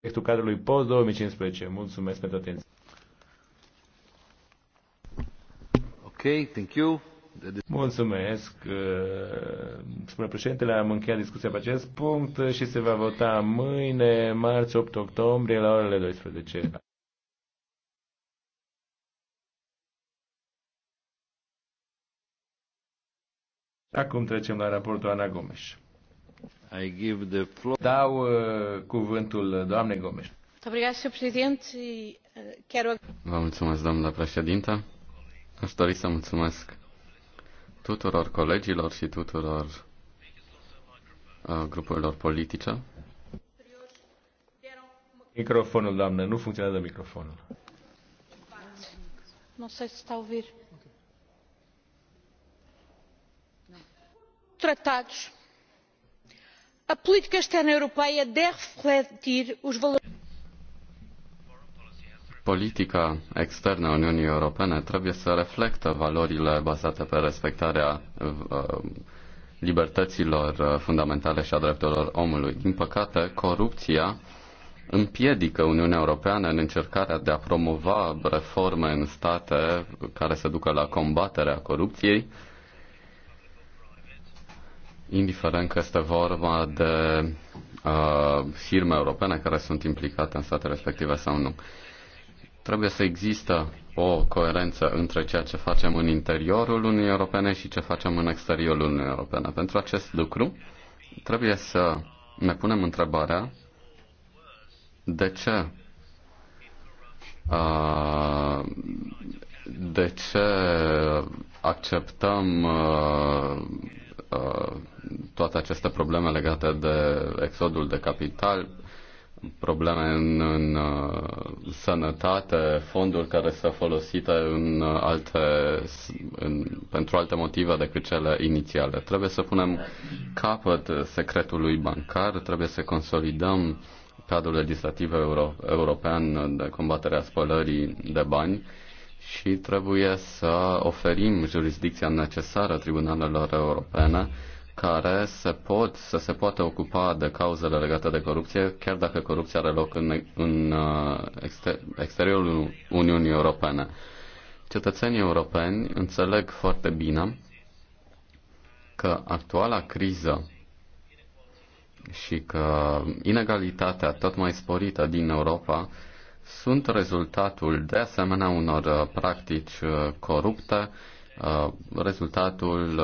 proiectul cadrului post-2015. Mulțumesc pentru atenție. Ok, thank you. Mulțumesc. Uh, spune președintele, am încheiat discuția pe acest punct și se va vota mâine, marți 8 octombrie, la orele 12. Acum trecem la raportul Ana Gomes. I give the floor. Dau uh, cuvântul doamnei Gomes. Eh, Vă mulțumesc, doamna președintă. Aș dori să mulțumesc tuturor colegilor și tuturor uh, grupurilor politice. Microfonul, doamnă, nu funcționează microfonul. Nu se stau a ouvir. Tratados a política externa europeia deve refletir os valores politica externă a Uniunii Europene trebuie să reflectă valorile bazate pe respectarea uh, libertăților uh, fundamentale și a drepturilor omului. Din păcate, corupția împiedică Uniunea Europeană în încercarea de a promova reforme în state care să ducă la combaterea corupției indiferent că este vorba de uh, firme europene care sunt implicate în state respective sau nu. Trebuie să există o coerență între ceea ce facem în interiorul Uniunii Europene și ce facem în exteriorul Uniunii Europene. Pentru acest lucru trebuie să ne punem întrebarea de ce uh, de ce acceptăm uh, Uh, toate aceste probleme legate de exodul de capital, probleme în, în uh, sănătate, fonduri care sunt folosite în alte, în, pentru alte motive decât cele inițiale. Trebuie să punem capăt secretului bancar, trebuie să consolidăm cadrul legislativ euro, european de combaterea spălării de bani și trebuie să oferim jurisdicția necesară tribunalelor europene care se pot, să se poată ocupa de cauzele legate de corupție, chiar dacă corupția are loc în, în uh, exter, exteriorul Uniunii Europene. Cetățenii europeni înțeleg foarte bine că actuala criză și că inegalitatea tot mai sporită din Europa sunt rezultatul de asemenea unor uh, practici uh, corupte, uh, rezultatul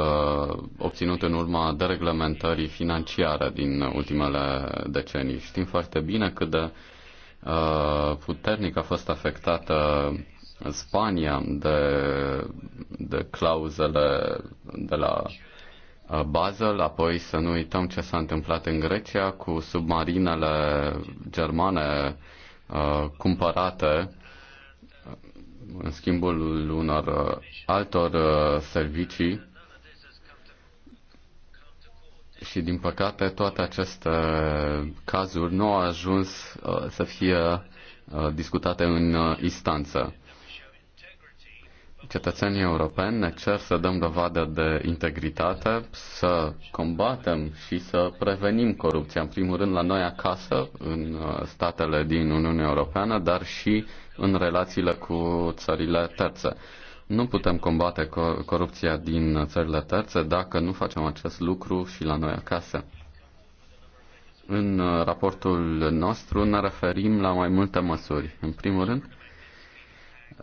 obținut în urma dereglementării financiare din ultimele decenii. Știm foarte bine cât de puternic a fost afectată Spania de, de clauzele de la Basel, apoi să nu uităm ce s-a întâmplat în Grecia cu submarinele germane Uh, cumpărate uh, în schimbul unor uh, altor servicii și din păcate toate aceste cazuri nu au ajuns să fie discutate în instanță cetățenii europeni ne cer să dăm dovadă de integritate, să combatem și să prevenim corupția, în primul rând la noi acasă, în uh, statele din Uniunea Europeană, dar și în relațiile cu țările terțe. Nu putem combate corupția din țările terțe dacă nu facem acest lucru și la noi acasă. În uh, raportul nostru ne referim la mai multe măsuri. În primul rând,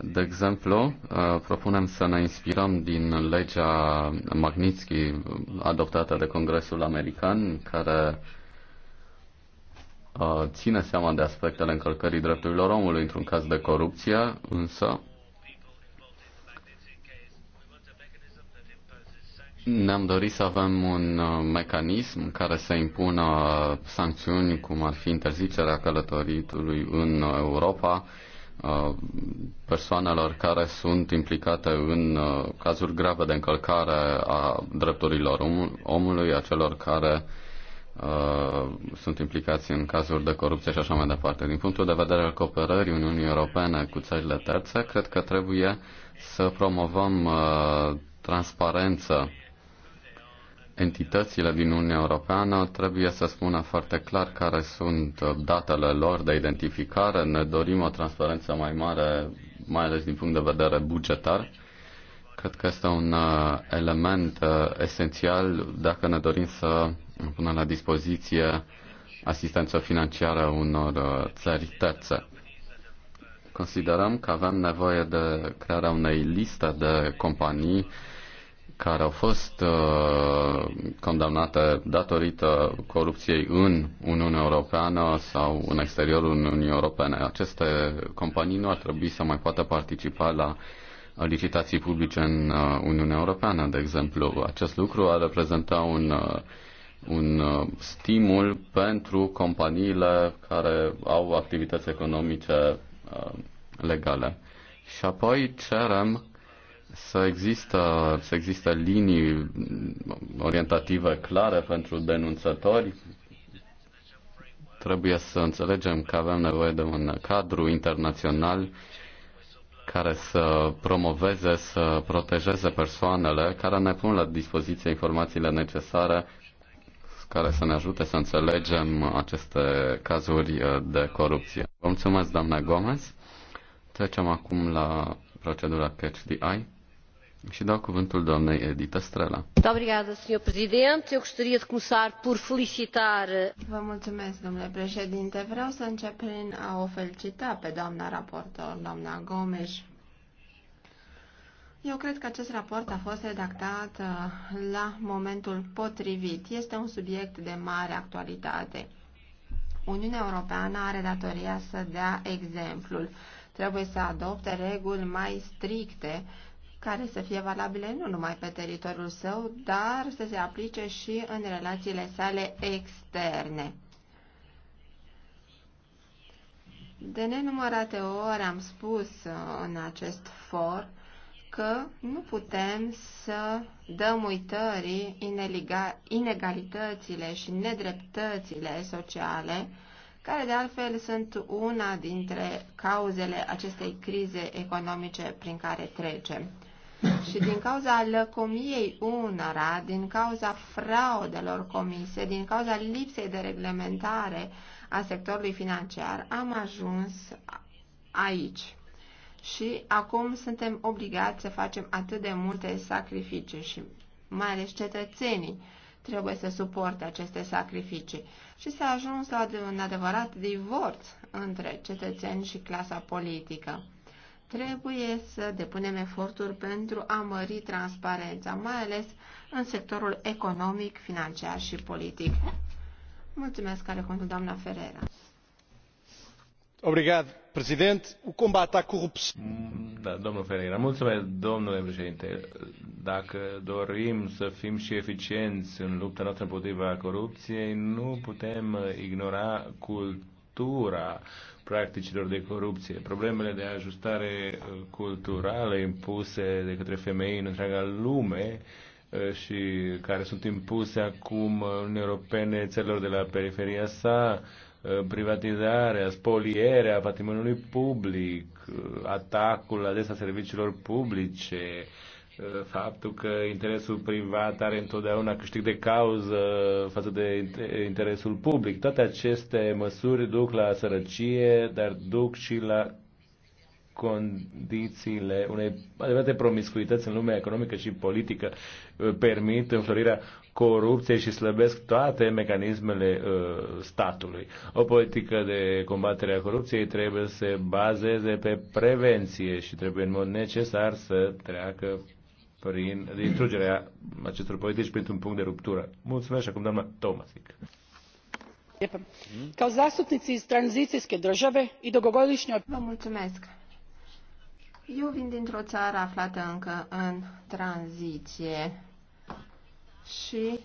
de exemplu, uh, propunem să ne inspirăm din legea Magnitsky uh, adoptată de Congresul American, care uh, ține seama de aspectele încălcării drepturilor omului într-un caz de corupție, însă ne-am dorit să avem un mecanism care să impună sancțiuni, cum ar fi interzicerea călătoritului în Europa, Uh, persoanelor care sunt implicate în uh, cazuri grave de încălcare a drepturilor omului, a celor care uh, sunt implicați în cazuri de corupție și așa mai departe. Din punctul de vedere al cooperării Uniunii Europene cu țările terțe, cred că trebuie să promovăm uh, transparență entitățile din Uniunea Europeană trebuie să spună foarte clar care sunt uh, datele lor de identificare. Ne dorim o transparență mai mare, mai ales din punct de vedere bugetar. Cred că este un uh, element uh, esențial dacă ne dorim să punem la dispoziție asistență financiară unor țări terțe. Considerăm că avem nevoie de crearea unei liste de companii care au fost uh, condamnate datorită corupției în Uniunea Europeană sau în exteriorul Uniunii Europene. Aceste companii nu ar trebui să mai poată participa la licitații publice în uh, Uniunea Europeană, de exemplu. Acest lucru ar reprezenta un uh, un uh, stimul pentru companiile care au activități economice uh, legale. Și apoi cerem să există, să există linii orientative clare pentru denunțători. Trebuie să înțelegem că avem nevoie de un cadru internațional care să promoveze, să protejeze persoanele care ne pun la dispoziție informațiile necesare care să ne ajute să înțelegem aceste cazuri uh, de corupție. Vă mulțumesc, doamna Gomez. Trecem acum la procedura Catch the Eye. Și dau cuvântul doamnei Edita Strela. Obrigada, senhor presidente. Eu gostaria de começar por felicitar... Eh, Vă mulțumesc, domnule președinte. Vreau să încep prin a o felicita pe doamna raportor, doamna Gomes. Eu cred că acest raport a fost redactat eh, la momentul potrivit. Este un subiect de mare actualitate. Uniunea Europeană are datoria să dea exemplul. Trebuie să adopte reguli mai stricte care să fie valabile nu numai pe teritoriul său, dar să se aplice și în relațiile sale externe. De nenumărate ori am spus uh, în acest for că nu putem să dăm uitării inegalitățile și nedreptățile sociale, care de altfel sunt una dintre cauzele acestei crize economice prin care trecem. Și din cauza lăcomiei unora, din cauza fraudelor comise, din cauza lipsei de reglementare a sectorului financiar, am ajuns aici. Și acum suntem obligați să facem atât de multe sacrificii și mai ales cetățenii trebuie să suporte aceste sacrificii și s-a ajuns la un adevărat divorț între cetățeni și clasa politică. Trebuie să depunem eforturi pentru a mări transparența, mai ales în sectorul economic, financiar și politic. Mulțumesc, care contul doamna Ferreira. Obrigat, presidente. O combata à Da, domnul Ferreira, mulțumesc, domnule președinte. Dacă dorim să fim și eficienți în lupta noastră împotriva corupției, nu putem ignora cultura structura practicilor de corupție, problemele de ajustare uh, culturală impuse de către femei în întreaga lume uh, și care sunt impuse acum în europene țărilor de la periferia sa, uh, privatizarea, spolierea patrimoniului public, atacul adesea serviciilor publice, faptul că interesul privat are întotdeauna câștig de cauză față de interesul public. Toate aceste măsuri duc la sărăcie, dar duc și la condițiile unei adevărate promiscuități în lumea economică și politică permit înflorirea corupției și slăbesc toate mecanismele uh, statului. O politică de combatere a corupției trebuie să se bazeze pe prevenție și trebuie în mod necesar să treacă prin distrugerea acestor politici printr-un punct de ruptură. Mulțumesc acum doamna Tomasic. Ca zastupnici iz tranzicijske države i dugogodišnjoj... Vă mulțumesc. Eu vin dintr-o țară aflată încă în tranziție și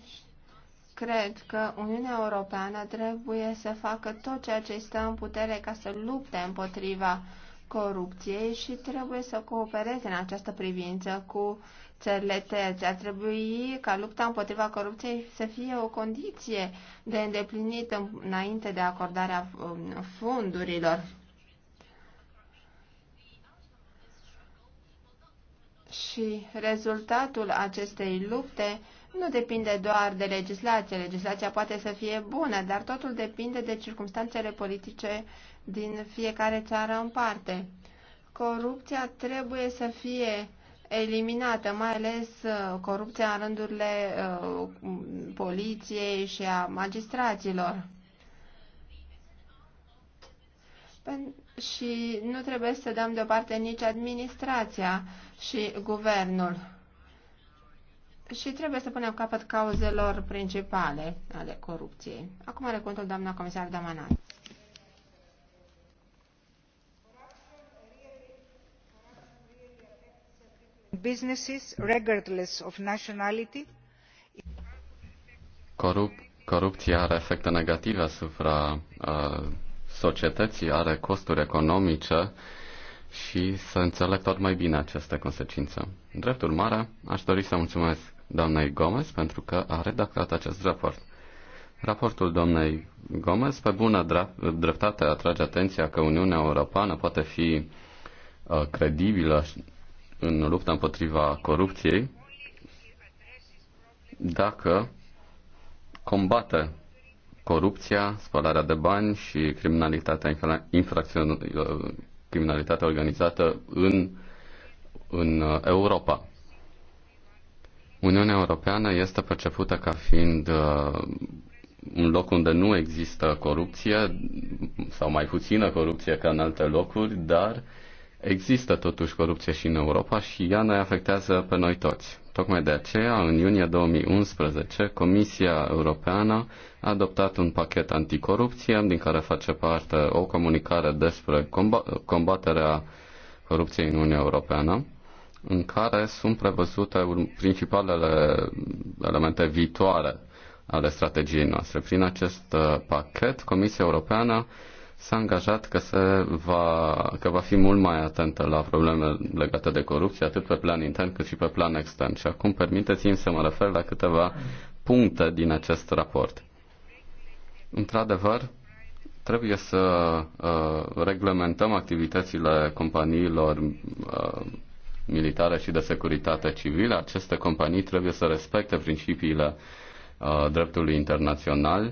cred că Uniunea Europeană trebuie să facă tot ceea ce stă în putere ca să lupte împotriva corupției și trebuie să coopereze în această privință cu țările terțe. Ar trebui ca lupta împotriva corupției să fie o condiție de îndeplinit înainte de acordarea um, fondurilor. Și rezultatul acestei lupte nu depinde doar de legislație. Legislația poate să fie bună, dar totul depinde de circumstanțele politice din fiecare țară în parte. Corupția trebuie să fie eliminată, mai ales uh, corupția în rândurile uh, poliției și a magistraților. Și nu trebuie să dăm deoparte nici administrația și guvernul. Și trebuie să punem capăt cauzelor principale ale corupției. Acum are contul doamna comisar Damanat. businesses regardless of nationality. Corup corupția are efecte negative asupra uh, societății, are costuri economice și să înțeleg tot mai bine aceste consecințe. drept urmare, aș dori să mulțumesc doamnei Gomez pentru că a redactat acest raport. Raportul doamnei Gomez, pe bună dreptate, atrage atenția că Uniunea Europeană poate fi uh, credibilă în lupta împotriva corupției dacă combate corupția, spălarea de bani și criminalitatea, infracțion- criminalitatea organizată în, în uh, Europa. Uniunea Europeană este percepută ca fiind uh, un loc unde nu există corupție sau mai puțină corupție ca în alte locuri, dar Există totuși corupție și în Europa și ea ne afectează pe noi toți. Tocmai de aceea, în iunie 2011, Comisia Europeană a adoptat un pachet anticorupție, din care face parte o comunicare despre combaterea corupției în Uniunea Europeană, în care sunt prevăzute principalele elemente viitoare ale strategiei noastre. Prin acest uh, pachet, Comisia Europeană s-a angajat că, se va, că va fi mult mai atentă la probleme legate de corupție, atât pe plan intern cât și pe plan extern. Și acum permiteți-mi să mă refer la câteva puncte din acest raport. Într-adevăr, trebuie să uh, reglementăm activitățile companiilor uh, militare și de securitate civilă. Aceste companii trebuie să respecte principiile uh, dreptului internațional uh,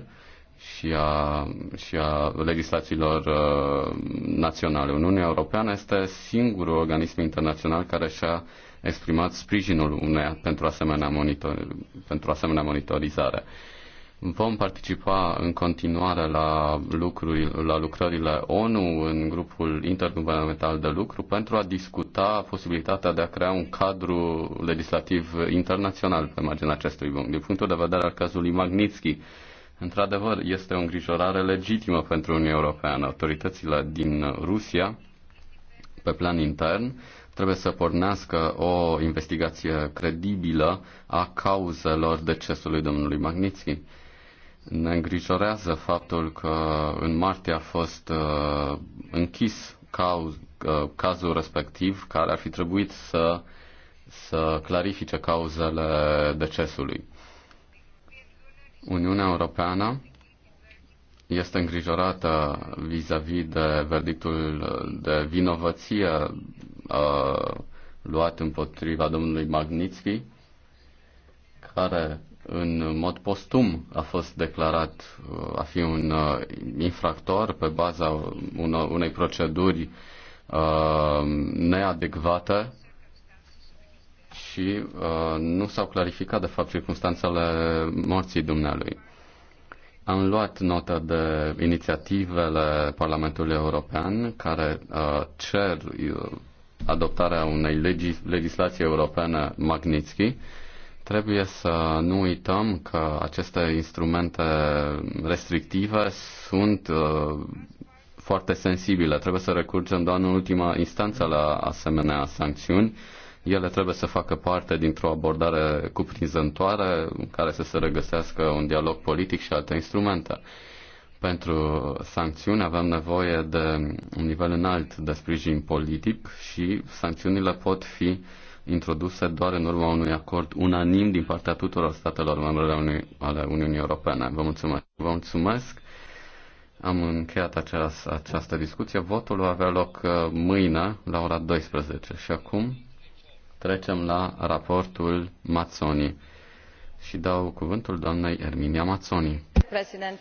și a, și a legislațiilor uh, naționale. Uniunea Europeană este singurul organism internațional care și-a exprimat sprijinul unei pentru asemenea, monitor, pentru asemenea monitorizare. Vom participa în continuare la, lucruri, la lucrările ONU în grupul interguvernamental de lucru pentru a discuta posibilitatea de a crea un cadru legislativ internațional pe marginea acestui punct. Din punctul de vedere al cazului Magnitsky, Într-adevăr, este o îngrijorare legitimă pentru Uniunea Europeană. Autoritățile din Rusia, pe plan intern, trebuie să pornească o investigație credibilă a cauzelor decesului domnului Magnitsky. Ne îngrijorează faptul că în martie a fost uh, închis cauz, uh, cazul respectiv care ar fi trebuit să, să clarifice cauzele decesului. Uniunea Europeană este îngrijorată vis-a-vis -vis de verdictul de vinovăție uh, luat împotriva domnului Magnitsky, care în mod postum a fost declarat uh, a fi un uh, infractor pe baza unor, unei proceduri uh, neadecvate și uh, nu s-au clarificat, de fapt, circunstanțele morții dumnealui. Am luat notă de inițiativele Parlamentului European care uh, cer uh, adoptarea unei legis- legislații europene Magnitsky. Trebuie să nu uităm că aceste instrumente restrictive sunt uh, foarte sensibile. Trebuie să recurgem doar în ultima instanță la asemenea sancțiuni. Uh, ele trebuie să facă parte dintr-o abordare cuprinzătoare care să se regăsească un dialog politic și alte instrumente. Pentru sancțiuni avem nevoie de un nivel înalt de sprijin politic și sancțiunile pot fi introduse doar în urma unui acord unanim din partea tuturor statelor membre ale Uniunii Europene. Vă mulțumesc! Vă mulțumesc! Am încheiat aceas, această discuție. Votul va avea loc uh, mâine la ora 12 și acum Trecem la raportul Mazzoni și dau cuvântul doamnei Erminia Mazzoni. President.